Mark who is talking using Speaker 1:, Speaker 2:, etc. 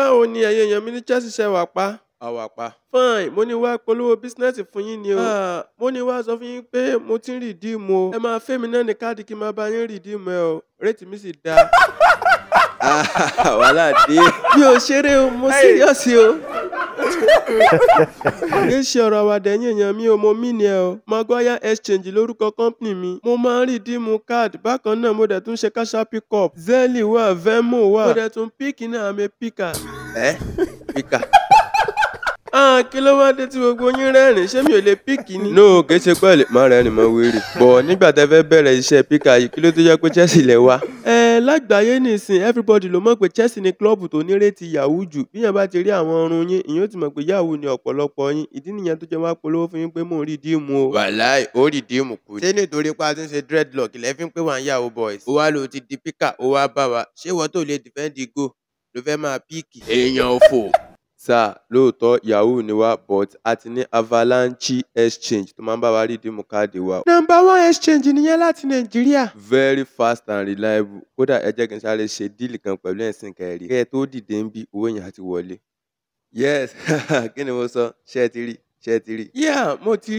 Speaker 1: báwo ni ẹ̀yin èèyàn mi ní Chelsea wà pa àwàpá. fine mo ní wá polówó bísínẹ́sì fún yín ni o. Ah. mo ní wá sọ fún yín pé mo ti ń rìdíìmù o. ẹ máa fẹ́ mi náà ní káàdì kí n máa bá yín rìdíìmù ẹ o rétí mi sì dáa. Ah, wàhálà dé. mi ò ṣeré o mo síríọ̀sì o kì í ṣe ọ̀rọ̀ àwàdà ẹ̀yìn èèyàn mi ò mọ mí ni ẹ o maguire exchange lórúkọ kọ́ńpìnì mi mo máa ń rìdíìmù káàdì bákan náà mo dẹ̀ tún ṣe káṣá pick up zelle wà venmo wà mo dẹ̀ tún píkì náà àmì píkà. ẹ píkà ah kí ló wáá dé tí gbogbo yín rẹ́rìn ṣé mi ò lè píìkì ni. no kì í ṣe pé ẹ lè má rẹ́rìn mọ́ wéré bọ̀ nígbà tẹ́ fẹ́ bẹ̀rẹ̀ iṣẹ́ píkà yìí kí ló tó jẹ́ pé Chelsea wá. ẹ ẹ lágbàáyé nìsín everybody ló mọ̀ pé Chelsea ni klọ́ọ̀bù tó nírètí yahoo jù bíyàn bá ti rí àwọn ọrùn yín ìyẹn ó ti mọ̀ pé yahoo ni ọ̀pọ̀lọpọ̀ yín ìdí nìyẹn tó jẹ́ wá polówó fún yín pé mò ń rí díìmù o. wàláì ó rí díìmù kù. ṣé nítorí pa ti ń ṣe dreadlock ilẹ̀ fi ń pè wá yahoo boys. ó wá lò ti di píkà ó wá bá wa ṣé wọ́n tó lè dìfẹ́ǹdì go ló fẹ́ máa píìkì. èèyàn òfò sáà lóòótọ́ yahoo ni wá but a ti ní avalanche exchange tó máa ń bá wa rídìmù káàdì wa. nọ́mbà one exchange nìyẹn láti nàìjíríà. very fast and reliable kódà ẹ jẹ́ kí n sáré ṣe díìlì kan pẹ̀lú ẹ̀sìn kẹrì kẹ́ ẹ tó dìde ń bí owó yẹn á wọlé. yes kí ni mo sọ ṣé ẹ ti rí ṣé ẹ ti rí. yeah mo ti rí.